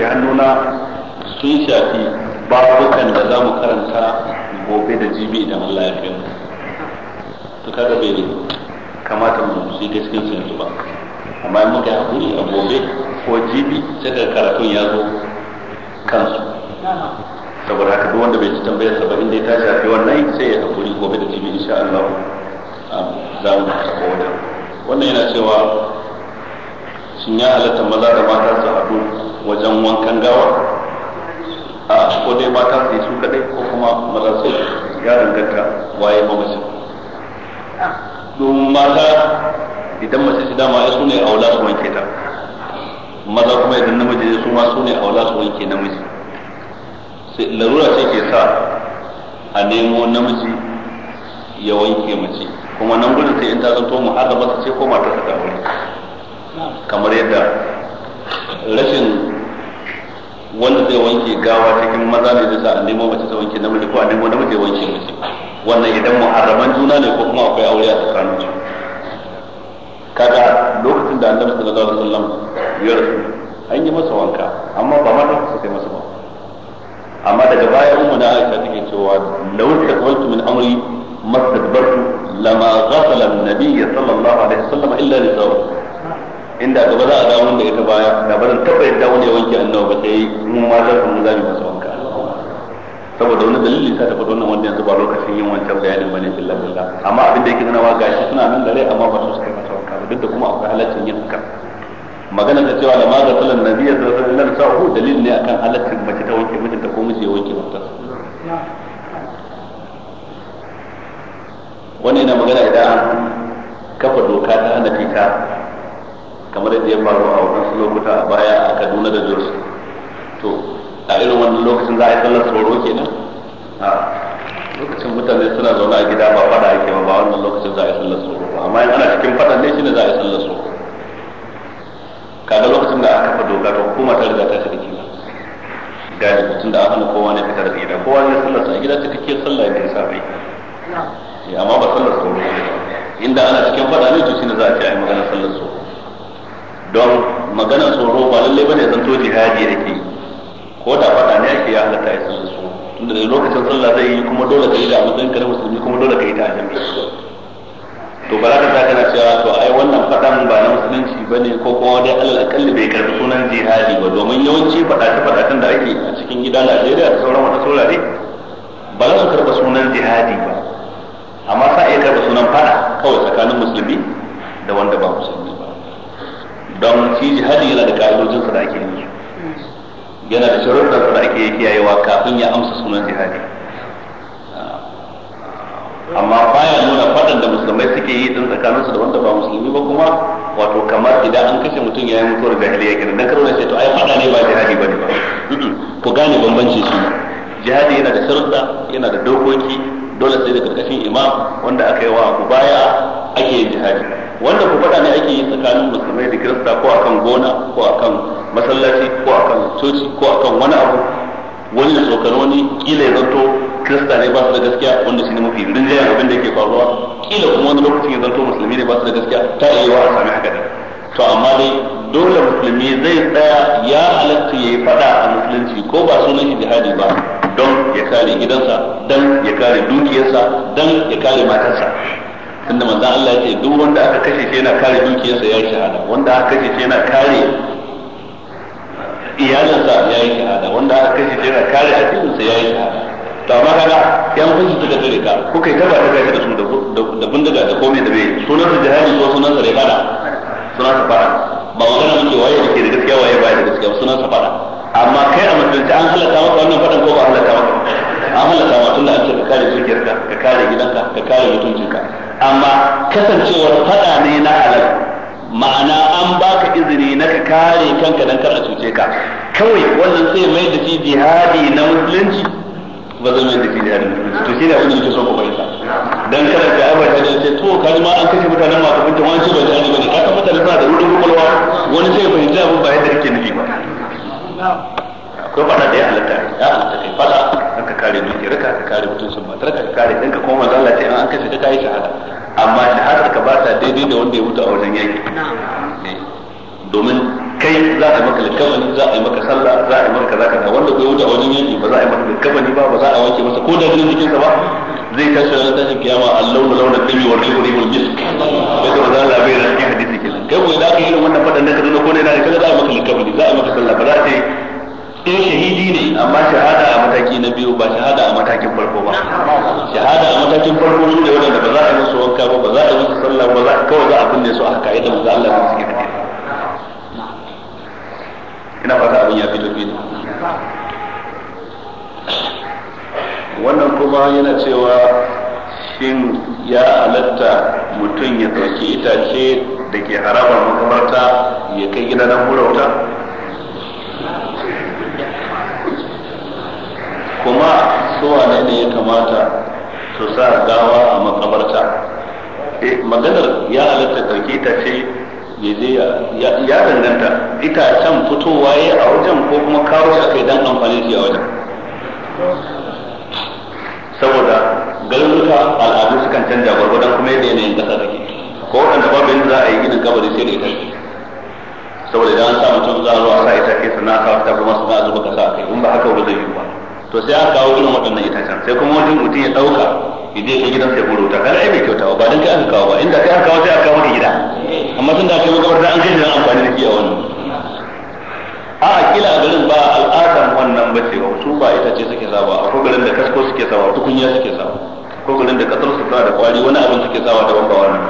ke hannuna sun shafi babukan da za mu karanta gobe da jibi idan Allah ya fiye mu to kaga bai kamata mu shi gaskiyar su yanzu ba amma in muka hakuri a gobe ko jibi sai da karatun ya zo kansu saboda haka duk wanda bai ci tambayar sa ba inda ya tashi a wannan sai ya hakuri gobe da jibi insha Allah za mu karɓa wannan yana cewa shin ya halatta maza da mata su haɗu wajen wankan gawa a ko dai mata su yi su kadai ko kuma maza su ya danganta waye mamacin domin mata idan mace ta dama ya sune aula su wanke ta maza kuma idan namiji ya su ma su ne aula su wanke namiji sai larura ce ke sa a nemo namiji ya wanke mace kuma nan gudun sai in ta zanto muharrama ce ko mata ta aure kamar yadda rashin wanda zai wanke gawa cikin maza ne zai sa a nemo mace ta wanke namiji ko a nemo namiji ya wanke mace wannan idan muharraman juna ne ko kuma akwai aure a tsakanin su kaga lokacin da annabi sallallahu alaihi wasallam ya rasu an yi masa wanka amma ba ma ta sai masa ba amma daga baya umma na Aisha take cewa law taqultu min amri mastadbartu lama ghafala an-nabiy sallallahu alaihi wasallam illa li zawjihi inda gaba za a dawo da ita baya da barin taba yadda wani ya wanke annawa ba sai mu ma za mu zami masa wanka saboda wani dalili sa ta faɗo wannan wanda yanzu ba lokacin yin wancan bayanin bane illa billah amma abin da yake nuna wa gashi suna nan da rai amma ba su kai masa wanka ba duk da kuma akwai halaccin yin haka magana ta cewa da ma ga sallan nabi ya zama sallan sa'u dalil ne akan halaccin mace ta wanke mijinta ko miji ya wanke mata wani yana magana idan kafa doka ta hana fita kamar yadda ya faru a wadansu lokuta a baya a kaduna da jos to a irin wannan lokacin za a yi sallar tsoro kenan a lokacin mutane suna zaune a gida ba fada ake ba wannan lokacin za a yi sallar tsoro amma in ana cikin fada ne ne za a yi sallar tsoro kaga lokacin da aka kafa doka to hukuma ta riga ta shiga ba gadi mutum da aka hana kowa ne fitar da gida kowa ne sallar sa gida ta kake sallar da yasa bai eh, amma ba sallar tsoro inda ana cikin fada ne to ne za a ce yi maganar sallar tsoro don magana tsoro ba lallai bane zan to jihadi yake ko da fada ne yake ya halatta ya su tunda da lokacin sallah zai yi kuma dole kai da abin kana musulmi kuma dole kai ta ajami to bala da ta kana cewa to ai wannan fadan ba na musulunci bane ko kuma dai Allah kalli bai karbi sunan jihadi ba domin yawanci fada ta fada da ake a cikin gidan Najeriya da sauran wata saurare ba za su karba sunan jihadi ba amma sa iya karba sunan fada kawai tsakanin musulmi da wanda ba musulmi don shi jihadi yana da ka'idojin sa da ake yi yana da sharuɗan sa da ake kiyayewa kafin ya amsa sunan jihadi amma baya nuna faɗan da musulmai suke yi din tsakanin su da wanda ba musulmi ba kuma wato kamar idan an kashe mutum ya yi mutuwar ya kenan dan ne sai to ai faɗa ne ba jihadi bane ba ku gane bambanci su jihadi yana da sharuɗa yana da dokoki dole sai da karkashin imam wanda aka yi wa ku baya ake yin jihadi wanda ku faɗa ne ake yi tsakanin musulmai da kirista ko akan gona ko akan masallaci ko akan coci ko akan wani abu wani da tsokano wani kila ya zanto kirista ne ba su da gaskiya wanda shi ne mafi rinjaya abin da yake faruwa kila kuma wani lokacin ya zanto musulmi ne ba su da gaskiya ta iya wa a sami haka da. to amma dai dole musulmi zai tsaya ya halatta ya yi faɗa a musulunci ko ba sunan shi jihadi ba don ya kare gidansa don ya kare dukiyarsa don ya kare matarsa tunda manzo Allah ya ce duk wanda aka kashe shi yana kare dukiyarsa ya yi shahada wanda aka kashe shi yana kare iyalinsa ya yi shahada wanda aka kashe shi yana kare addininsa ya yi shahada to amma kaga yan kunshi suka tare ka ko kai taba ta gaisa da su da bindiga da komai da bai sunan su jihadi ko sunan sa rekada sunan su fara ba magana muke waye da ke da gaskiya waye ba da gaskiya sunan su fara amma kai a mutunci an halatta maka wannan fadan ko ba halatta ka hallaka ma tunda an ce ka kare dukiyarka ka kare gidanka ka kare mutuncinka amma kasancewar fada ne na halal ma'ana an baka izini na ka kare kanka dan kar a cuce ka kawai wannan sai mai da shi jihadi na musulunci ba zai mai da shi jihadi na musulunci to shi ne abin da yake so ku wuce a wajen yanki ba za a yi masa kafani ba ba za a wanke masa ko da jinin jikinsa ba zai tashi ranar tashin kiyama allahu da launar dabi wa rihu rihul misk yadda ba za a bai ran cikin hadisi kenan kai ko idan aka yi irin wannan faɗan na kaduna ko ne na kaga za a maka likafani za a maka sallah ba za a ce in shahidi ne amma shahada a mataki na biyu ba shahada a matakin farko ba shahada a matakin farko shi ne wanda ba za a yi musu wanka ba ba za a yi musu sallah ba za kawai za a binne su a haka yadda za Allah ya suke fadi ina fata abin ya fito fito wannan kuma yana cewa shin ya alatta mutum ya ɗauki itace da ke haraba makamarta ya kai gida na murauta kuma suwa ne ne ya kamata su sa gawa a makabarta eh, maganar ya alatta ɗauki itace ya je ya danganta itacen fitowa ya a wajen ko kuma kawo shi a kai don amfani shi a wajen saboda garuruka al'adu sukan canja gwargwadon kuma yadda yanayin kasa take ko wadanda babu yadda za a yi ginin kabari sai da ita saboda idan an sa mutum za a zo a sa ita ke sana ka ta kuma suna zuba kasa a kai in ba haka ba zai yi ba to sai aka kawo irin waɗannan itacen sai kuma wani mutum ya ɗauka ya je gidan sai buru ta kada ai mai kyautawa ba dan kai aka kawo ba inda kai aka kawo sai aka kawo maka gida amma tun da aka yi makabarta an kai da amfani da shi a wannan a'a kila a garin ba al'adar wannan ba ce wato ba ita ce suke sawa a garin da kasko suke sawa tukunya suke sawa ko garin da kasar su da kwari wani abin suke sawa daban ba wannan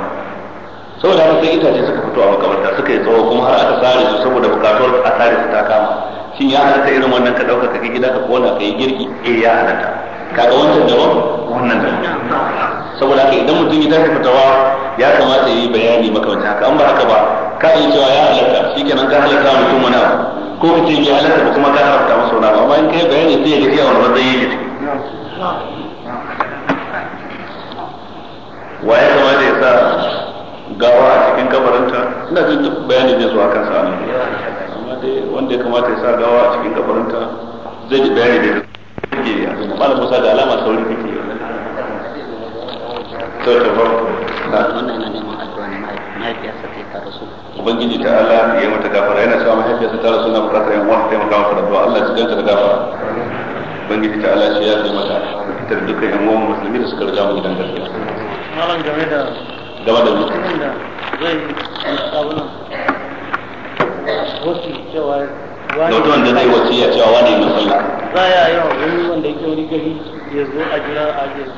saboda haka sai itace suka fito a makamanta suka yi tsawo kuma har aka sare su saboda bukatuwar a sare su ta kama shin ya halatta irin wannan ka dauka kake gida ka kona ka yi girki eh ya halatta kaga wancan daban wannan daban saboda haka idan mutum ya tafi fitawa ya kamata ya yi bayani makamancin haka an ba haka ba ka iya cewa ya halatta shikenan ka halatta mutum wani abu ko ka ce bai halatta ba kuma ka haramta masa wani abu amma in kai bayani sai ya ga cewa wani matsayi ne wa ya kamata ya sa gawa a cikin kabarinta ina jin bayani zai zuwa kansa a nan amma dai wanda ya kamata ya sa gawa a cikin kabarinta zai ji bayani da kake malam Musa da alama sauri kake to farko ba wannan yana neman addu'a ne mahaifiyarsa ta yi ta rasu ubangiji ta Allah ya mata gafara yana cewa mahaifiyarsa ta rasu na bukatar yan uwan taimaka mata da du'a Allah ya ganta da gafara ubangiji ta Allah shi ya yi mata fitar dukkan yan uwan musulmi da suka riga mu gidan gari. malam game da game da mutumin da zai abunan wasu cewa da wata wanda zai wasiya cewa wani mai sallah za ya yi wani wanda yake wani gari ya zo a jira a jira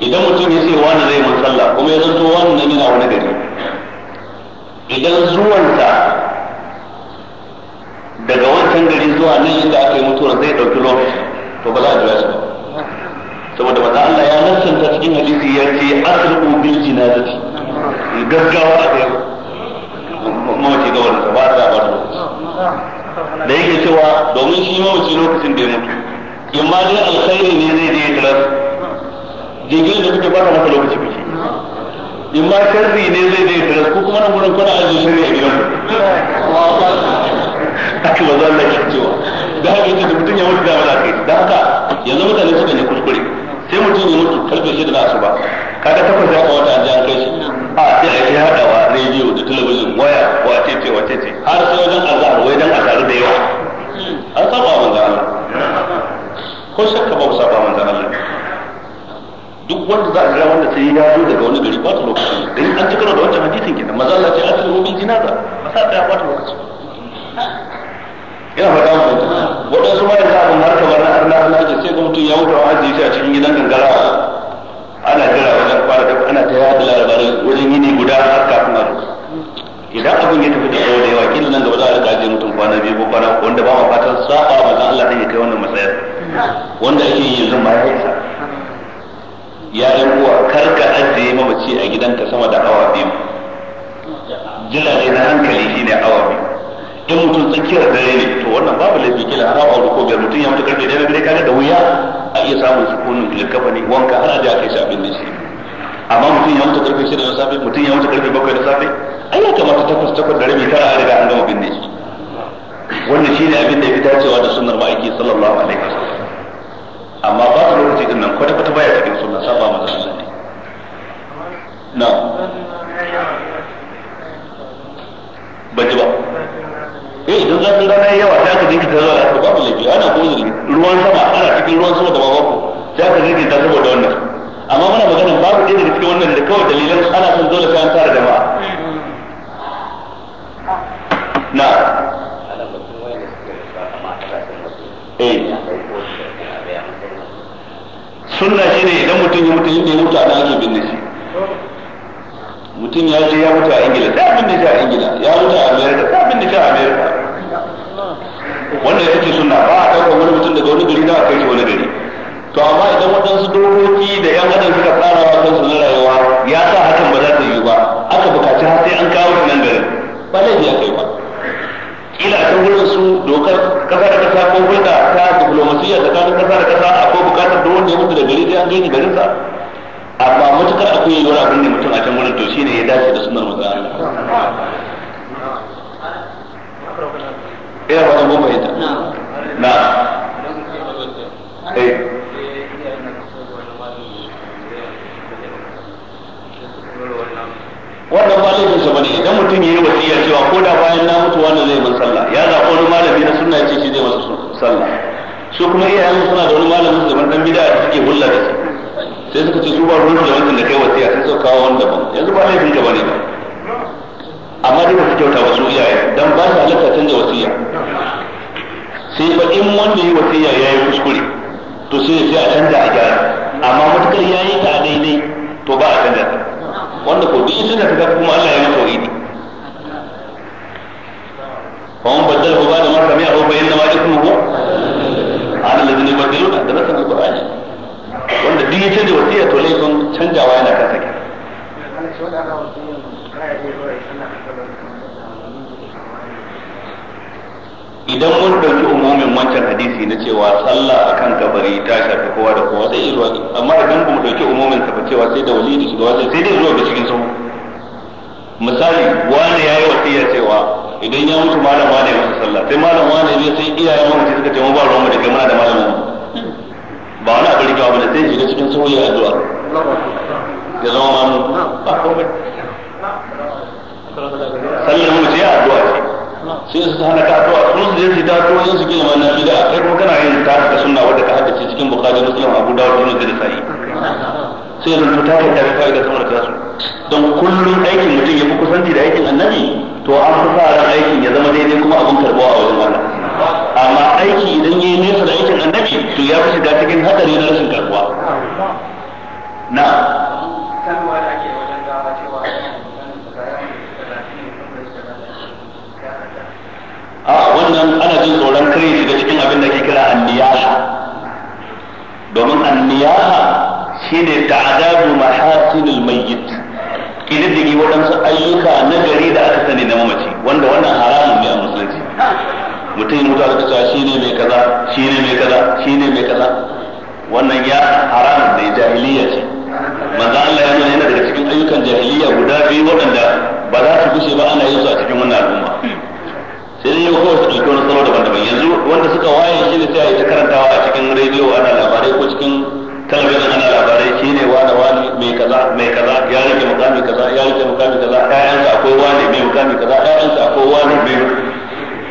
idan mutum ya ce wani zai mun sallah kuma ya zanto wani nan yana wani gari idan zuwanta daga wancan gari zuwa nan inda aka yi mutuwar zai ɗauki lokaci to ba za a jira shi ba saboda maza Allah ya nassanta cikin hadisi ya ce asrubu bil jinazati gaggawa a yau mamaci ga wannan ba ta ba da yake cewa domin shi mamaci lokacin da ya mutu in ma dai alkhairi ne zai je ya jira jirgin da kuke ba ta masa lokaci in ma sharri ne zai je tare ku kuma nan gurin kuna azu sharri a gidan haka ba za Allah ke cewa da haka yake da mutum ya mutu da mana kai da haka yanzu mutane suka ne kuskure sai mutum ya mutu karfe shida na asuba kaga takwas ya kawata an ji kai shi a sai a yi haɗawa rediyo da talabijin waya wace ce wace ce har sai wajen azhar wai dan azhar da yawa an saba manzo Allah ko shakka ba ku saba wanda za a jira wanda sai ya zo daga wani gari ba ta lokaci dan an ci da wancan hadisin kenan maza Allah ce a cikin min jinaza ba sa ɗaya ba lokaci ina faɗa mu waɗansu ma yanzu abin har kamar na arna Allah ce sai ga mutum ya mutu wa hajji shi a cikin gidan gangara ana jira wajen fara da ana ta yada labarin wajen yini guda har kafin a idan abin ya tafi da tsawo da yawa kila nan gaba za a rika ajiye mutum kwana biyu ko kwana wanda ba ma fatan saba manzon Allah ne ya kai wannan matsayar wanda ake yin yanzu ma ya isa ya yi uwa kar ka ajiye mamaci a gidanka sama da awa biyu jirage na hankali shine awa biyu in mutum tsakiyar dare ne to wannan babu laifi kila har aure ko biyar mutum ya mutu karfe dare dare kaga da wuya a iya samun sukunin likafa ne wanka har aje aka yi shafin da shi amma mutum ya mutu karfe shida na safe mutum ya mutu karfe bakwai na safe ai ya kamata takwas takwas da rabi kara a riga an gama binne shi wannan shi ne abin da ya fi dacewa da sunnar ma'aiki sallallahu alaihi wasallam amma ba su lokaci din nan kwata kwata baya cikin sunna saba ma sunna ne na ban ji ba eh idan zafin rana ya yawa sai ka jinki ta zuwa a babu laifi ana ko ruwan sama ana cikin ruwan sama da babu sai ka jinki ta saboda wannan amma muna magana babu ɗaya daga cikin wannan da kawai dalilan ana son dole sai an tara jama'a sunna ne idan mutum ya mutu inda ya mutu a nan ake binne shi mutum ya je ya mutu a ingila da abin da a ingila ya mutu a america da abin da a america wannan ita sunna ba a ɗaukar wani mutum daga wani gari da aka yi wani gari to amma idan waɗansu dokoki da yan adam suka tsara wa kansu na rayuwa ya sa hakan ba za ta yi ba aka bukaci har sai an kawo shi nan garin ba laifi ya kai ba kila a can gurin su dokar kasa da kasa ko gurin can gefe garin sa amma mutukar akwai yiwuwar abin da mutum a can wurin to shine ya dace da sunan manzon Allah ina ba ta goma na eh wannan ba laifin sa bane idan mutum yayi wasiya cewa ko da bayan na mutu wannan zai masa sallah ya zaɓo wani malami na sunna ya ce shi zai masa sallah su kuma iyayen suna da wani malamin su dan bid'a da suke hulla da su, sai suka ce su ba ruwan da wancan da kai ya sai suka kawo wanda ba yanzu ba laifin ka bane ba amma dai ba su kyauta wa su iyaye dan ba su halatta canza wasiya sai fa in wanda yi wasiya ya yi kuskure to sai sai a canza a gyara amma matukar ya yi ta a daidai to ba a canza ta wanda ko duk suna ta kuma Allah ya yi wa'idi fa man baddala ba da mata mai canjawa yana kan sake idan mun ɗauki umumin wancan hadisi na cewa sallah akan kabari ta shafi kowa da kowa sai zuwa amma idan mu ɗauki umumin ta cewa sai da wali da wasu, sai dai zuwa ga cikin sahu misali wani ya yi wasiya cewa idan ya mutu malam wani ya masa sallah sai malam wani ne sai iyayen wani suka ce mu ba ruwan mu da gama da malam mu sai shiga cikin sauyi a zuwa ya zama ba hana ka addu'a su je su ta da ka cikin bukhari muslim abu dawud ibn sai sai zan ta ta kai da ta su don kullum aikin mutum ya fi kusanci da aikin annabi to an fi sa ran aikin ya zama daidai kuma abin karbawa a wajen Allah amma aiki idan yi nesa da aikin annabi to ya fi shiga cikin hatsari na rashin karbuwa na a wannan ana jin tsoron kare shiga cikin abin da ke kira anniyaha domin anniyaha shine ta'adabu mahasinul mayyit kididdigi waɗansu ayyuka na gari da aka sani na mamaci wanda wannan haramun ne a musulunci mutum yi mutu a shi ne mai kaza ne mai kaza ne mai kaza wannan ya haramun ya jahiliya ce manzo Allah ya nuna yana daga cikin ayyukan jahiliya guda biyu waɗanda ba za su gushe ba ana yin su a cikin wannan al'umma sai dai yau kawai su ɗauki wani salo daban-daban yanzu wanda suka waye shi ne sai a yi ta karantawa a cikin rediyo ana labarai ko cikin talabijin ana labarai shi ne wani wani mai kaza mai kaza ya rike mukami kaza ya rike mukami kaza ƴaƴansa akwai wani mai mukami kaza ƴaƴansa akwai wani mai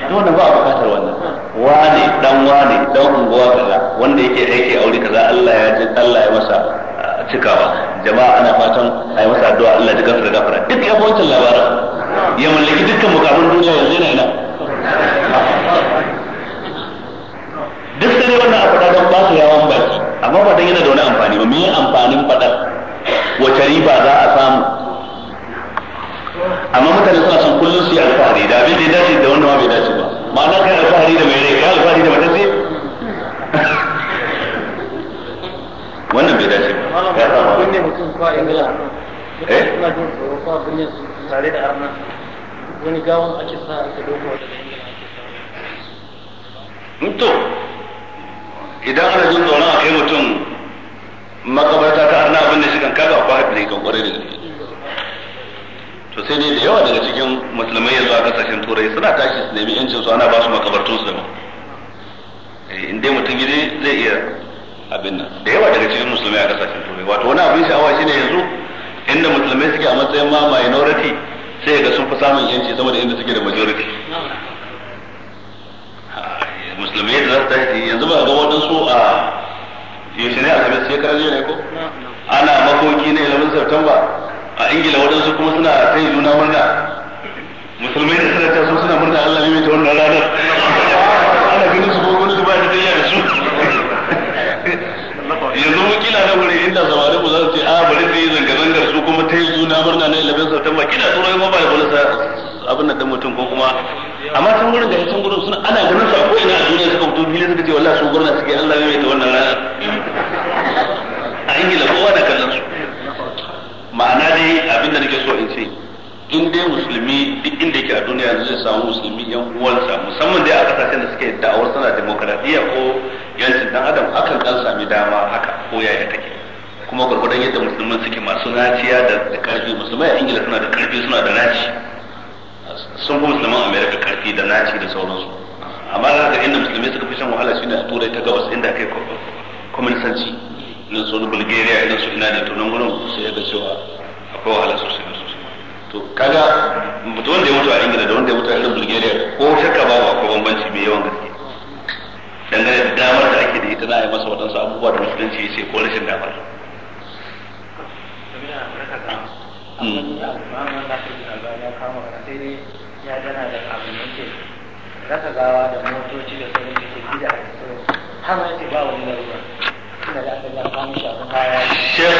to wannan ba a bukatar wannan wane dan wane dan unguwa kaza wanda yake aiki aure kaza Allah ya ji Allah ya masa ah, cikawa jama'a ana fatan a yi masa addu'a Allah ji gafara gafara duk yawancin labaran ya mallaki dukkan mukamin duniya yanzu yana ina duk sai wannan a faɗa don ba su yawan baki amma ba dan yana da wani amfani ba me amfanin faɗar wace riba za a samu amma mutane suna son kullum su yi alfahari da abin da ya dace da wanda ma bai dace ba ma'ana kai alfahari da mai rai kai alfahari da matacce wannan bai dace ba ya saba kunne mutum ko ingila eh ina jin tsoro ko kunne tare da arna wani gawon ake sa aka dogo da ingila to idan ana jin tsoron a kai mutum makabarta ta arna abin da shi kan kaga sai dai da yawa daga cikin musulmai yanzu a kasashen turai suna tashi su nemi yancin su ana ba su makabartun su daban eh, in dai mutum gidi zai iya abin nan da yawa daga cikin musulmai a kasashen turai wato wani abin sha'awa shine yanzu inda musulmai suke a matsayin ma minority sai ga sun fi samun yanci sama da inda suke da majority musulmai da za su tashi yanzu ba ga waɗansu a yaushe ne a sai karar ne ko ana makoki na ilimin september a ingila waɗansu kuma suna ta yi juna murna musulmai da suna taso suna murna allah ne mai ta wannan ranar ana ganin su kuma wani ba da tayya da su yanzu wakila na wuri inda samari ku za su ce a ah, bari su yi zanga-zangar su kuma ta yi juna murna na 11 september kila turai ma ba da wani abin da mutum ko kuma amma can gurin da can gurin suna ana ganin su a ko'ina a duniya suka fito fili suka ce wallahi su gurna suke allah ne mai ta wannan ranar a ingila kowa na kallon su ma'ana dai abin da nake so in ce in dai musulmi duk inda yake a duniya yanzu zai samu musulmi yan uwansa musamman dai a kasashen da suke da'awar suna demokradiyya ko yancin dan adam akan dan sami dama haka ko yaya take kuma gurgurdan yadda musulmin suke masu naciya da karfi musulmai a ingila suna da karfi suna da naci sun fi musulman america karfi da naci da sauransu amma da ka inda musulmi suka fi shan wahala shine a turai ta gabas inda kai kwaminisanci irin su bulgaria irin su ina da tunan nan gurin sai ga cewa akwai wahala sosai da sosai to kaga mutum wanda ya mutu a ingila da wanda ya mutu a irin bulgaria ko shakka ba akwai bambanci mai yawan gaske dangane da damar da ake da ita na yi masa waɗansu abubuwa da musulunci ya ce ko rashin damar ya rasa gawa da motoci da sauran da ke gida har ma yake ba wani larura Sheikh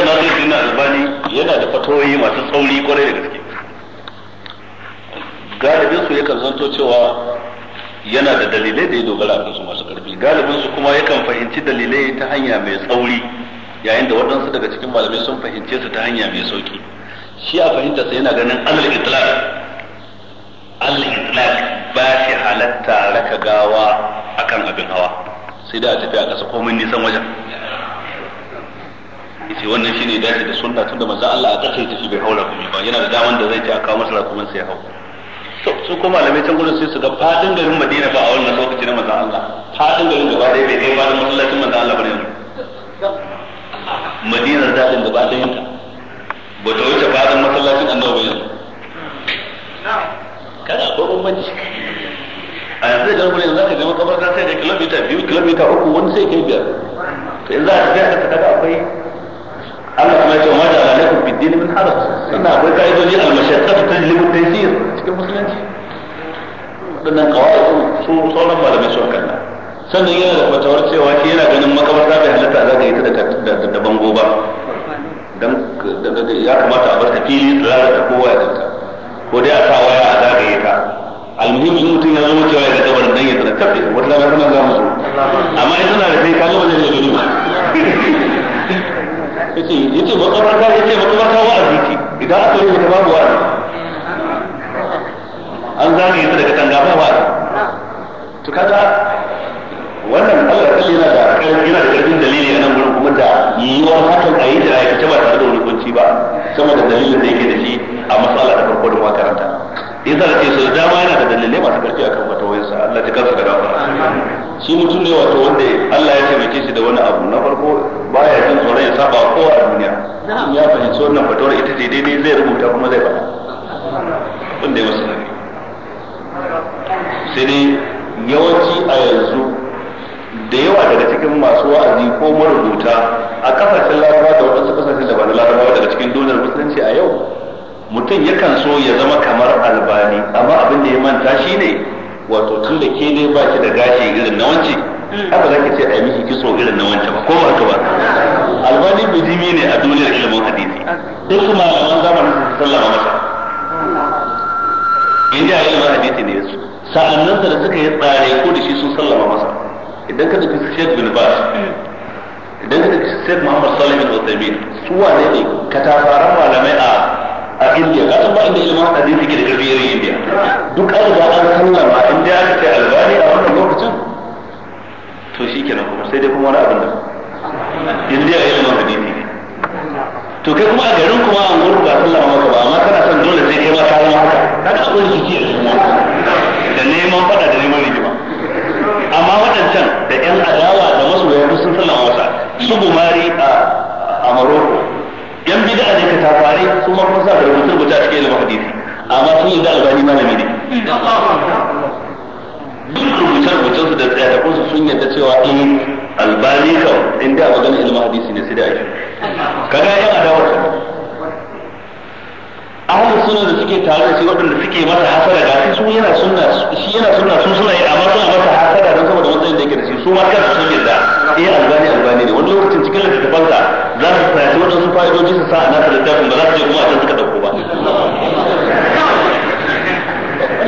yana da fatoyi masu da gaske. Galibin su yakan zanto cewa yana da dalilai da ya dogara a su masu karfi. Galibin su kuma yakan fahimci dalilai ta hanya mai tsauri yayin da waɗansu daga cikin malamai sun fahimce su ta hanya mai sauki. Shi a fahimta sai yana ganin alal itlaq alal itlaq ba shi halatta raka gawa akan abin hawa sai da a tafi a ƙasa komai nisan wajen. yace wannan shine dace da sunna tunda manzo Allah a kace tafi bai haura kuma ba yana da daman da zai ci a kawo masa rakuman sai ya hau to su kuma malamai can gurin sai su ga fadin garin Madina ba a wannan lokaci na manzo Allah fadin garin gaba dai bai ba da masallacin manzo Allah bane da dadin gaba ɗayan ta ba ta wuce fadin masallacin annabi yanzu kada akwai bambanci a yanzu da garbar yanzu zaka je ta sai da kilomita biyu kilomita uku wani sai kai biyar to yanzu a tafiya ka kada akwai Allah kuma ya ce ma da lakum bi dini min haraj sannan akwai ka'idoji al-mashaqqatu tajlibu at-taysir cikin musulunci wadannan kawai su sauran malamai su kalla sannan yana da fatawar cewa shi yana ganin makabarta da halatta za ka yi ta da bango ba dan ya kamata a bar ka fili tsirara da kowa ya danta ko dai a sa waya a zagaye ta almuhim in mutum ya zo wucewa ya ga kabarin dan ya tsara kafe wata lamarin kana za mu zo amma ita na da kai ka zo ba zai yace yace makabarta yace makabarta wa'azi ce idan aka rufe ta babu wa'azi an zane yanzu daga tanga ba wa'azi to kaga wannan Allah ya yana da karfi yana da karfin dalili a nan gurin kuma da yiwuwar hakan a yi da aikace ba tare da wani kunci ba sama da dalilin da yake da shi a matsala da farko da makaranta yasa da ce so dama yana da dalilai masu karfi akan wata wayansa Allah ta kansa da gafara shi mutum ne wato wanda Allah ya taimake shi da wani abu na farko baya jin tsoron ya saba kowa a duniya ya fahimci wannan fatawar ita ce daidai zai rubuta kuma zai faɗa wanda ya wasu nari sai dai yawanci a yanzu da yawa daga cikin masu wa'azi ko marubuta a kasashen larabawa da waɗansu kasashen da ba na larabawa daga cikin duniyar musulunci a yau mutum yakan so ya zama kamar albani amma abin da ya manta shi ne wato tun da ke ne ba ki da gashi irin na wance mm. haka za ki ce a yi miki kiso irin na wance ba ko ba haka ba albani bijimi ne a duniyar ilimin hadisi duk malaman zamanin su sallama masa in ji a ilimin hadisi ne su sa'annan da suka yi tsare ko da shi sun sallama masa idan ka tafi shek bin ba idan ka tafi shek Muhammad Salim bin Uthaymeen su wane ne katafaran malamai a a indiya ka ba inda ilimin hadisi ke da karfi irin indiya duk an ba an sallama in dai aka ce albani a wannan lokacin to shi kenan kuma sai dai kuma wani abin da indiya ilimin hadisi ne to kai kuma a garin kuma an gurin ba sallama maka ba amma kana son dole sai kai ma ka zama haka kaga akwai rikici a cikin da neman fada da neman rigima amma waɗancan da 'yan adawa da masoya duk sun sallama masa su gumari a Maroko su ma kuma sa rubutu rubuta cikin ilimin hadisi amma sun yi da albani malami ne duk rubuce-rubucen su da tsayatakunsu sun yadda cewa in eh, albani kan in da magana ilimin hadisi ne sai da ake kaga yan adawar ahalin suna da suke tare da shi waɗanda suke masa hasara ga shi su yana sunna shi yana sunna su suna yi amma suna masa hasara don saboda matsayin da yake da shi su ma kansu sun yadda eh albani albani ne wani lokacin cikin littattafansa za su hujjoji su sa a nasa littafin ba za su je kuma a can suka dauko ba wannan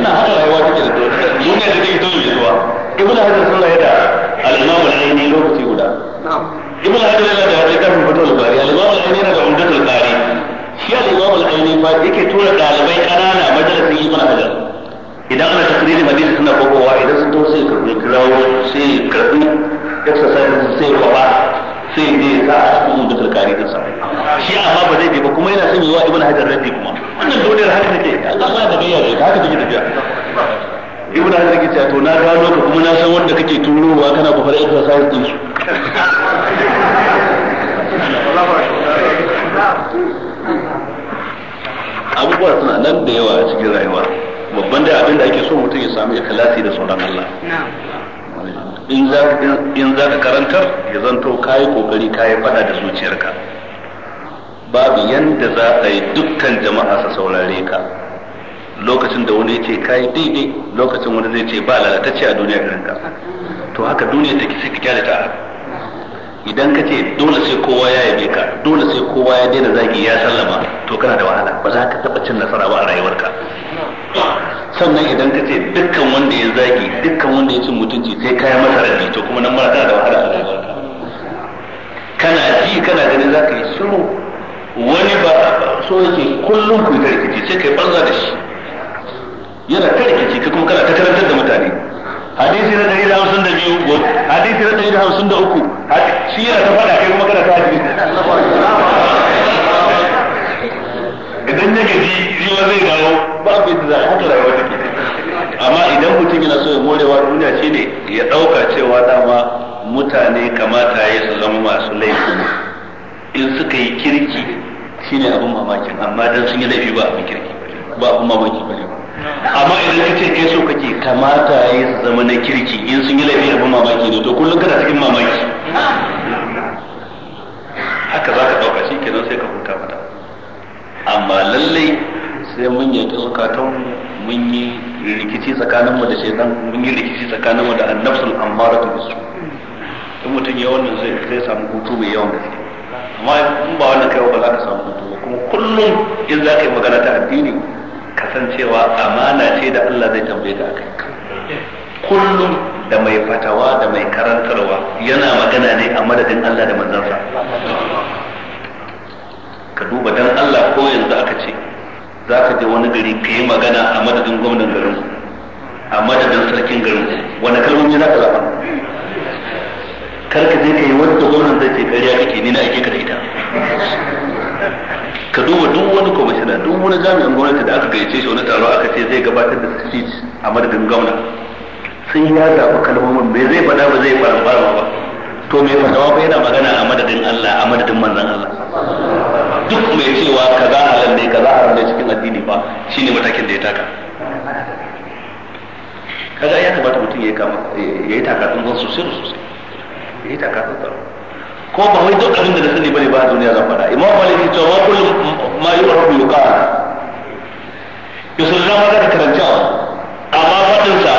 haka rayuwa take da duniya da take tozo zuwa ibnu hajar sun rayu da al-imam al-aini lokaci guda ibnu hajar yana da littafin fatul bari al-imam al-aini yana da umdatul bari shi al-imam al-aini ba yake tura dalibai kanana majalisin ibnu hajar idan ana takririn hadisi suna kokowa idan sun taho sai karbi kirawo sai karbi exercise sai kwaba sai je sa a cikin umdatul kari din sa shi amma ba zai bi ba kuma yana son wa ibn hajar raddi kuma wannan duniyar haka take Allah ba da gayyar ka haka take tafiya ibn hajar yake cewa to na gano ka kuma na san wanda kake turowa kana kufar exercise din su abubuwa suna nan da yawa a cikin rayuwa babban da abin da ake so mutum ya samu ikhlasi da sauran Allah in za ka karantar ya zanto kayi kokari kayi fada da zuciyarka babu yanda za a yi dukkan jama'a su saurare ka lokacin da wani ya ce kai daidai lokacin wani zai ce ba lalatacce a duniya garin ka to haka duniya take sai ka kyale ta idan ka ce dole sai kowa ya yabe ka dole sai kowa ya daina zagi ya sallama to kana da wahala ba za ka taɓa cin nasara ba a rayuwarka sannan idan ka ce dukkan wanda ya zagi dukkan wanda ya cin mutunci sai ka yi masa rabi to kuma nan mara kana da wahala a rayuwarka kana ji kana ganin za ka yi shiru wani ba so yake kullum ku ta rikici sai kai banza da shi yana ta rikici ka kuma kana ta karantar da mutane hadisi na dari da hamsin da biyu hadisi na dari da hamsin da uku shi yana ta faɗa kai kuma kana ta hadisi idan ya gaji riwa zai dawo ba yi da haka rayuwa take amma idan mutum yana so ya morewa duniya shine ya ɗauka cewa dama mutane kamata ya su zama masu laifin in suka yi kirki shine abin mamaki amma dan sun yi laifi ba abin kirki ba abin mamaki ba amma idan kace kai so kake kamata yi su zama na kirki in sun yi laifi abin mamaki ne to kullum kana cikin mamaki haka za ɗauka shi kenan sai ka huta mata amma lallai sai mun yi ta zukatan mun yi rikici tsakaninmu da shaitan mun yi rikici tsakaninmu da annabsul ammaratu bisu in mutum ya wannan zai samu hutu mai yawan gaske amma in ba wannan kai ba za ka samu ba kuma kullum in za ka yi magana ta addini kasancewa amana ce da Allah zai tambaye ka akai kullum da mai fatawa da mai karantarwa yana magana ne a madadin Allah da manzansa ka duba dan Allah ko yanzu aka ce za ka je wani gari ka yi magana a madadin gwamnan garin a madadin sarkin garin wani kalmomi za ka zaɓa kar ka je ka yi wanda gwamnan zai ƙarya kake ni na aike ita ka duba duk wani komishina duk wani jami'an gwamnati da aka gayyace shi wani taro aka ce zai gabatar da speech a madadin gwamna sun ya zaɓi kalmomin bai zai faɗa ba zai fara fara ba to mai fatawa ba yana magana a madadin Allah a madadin manzon Allah duk mai cewa kaza halal ne kaza haram ne cikin addini ba shine matakin da ya taka kaga ya kamata mutum ya yi taka zan sosai da sosai ya yi taka tsantsan ko ba wai duk abin da na sani bane ba a duniya zan faɗa imam malik ya ce wa kullu ma yu'rafu yuqal yusul na da karantawa amma faɗin sa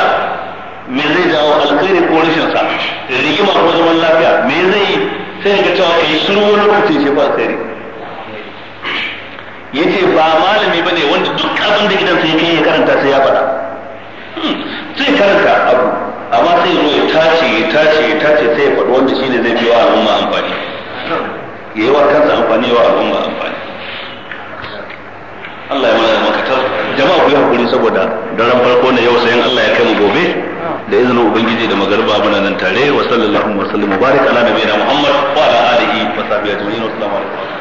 me zai jawo alkhairi ko rashin sa rigima ko zaman lafiya me zai sai ga cewa kai shiru wani lokaci shi ba alkhairi yace ba malami bane wanda duk abin da gidansa ya kai ya karanta sai ya faɗa hmm, sai karanta abu amma sai zo tace ya tace ya tace sai ya faɗi wanda shine zai biya al'umma amfani ya yi wa kansa amfani wa al'umma amfani Allah ya mana da makatar jama'a ku yi hakuri saboda daren farko na yau sayan Allah ya kai mu gobe da izinin ubangiji da magarba muna nan tare wa sallallahu wa sallam mubarak ala nabiyina muhammad wa ala alihi wa sahbihi ajma'in wa assalamu alaikum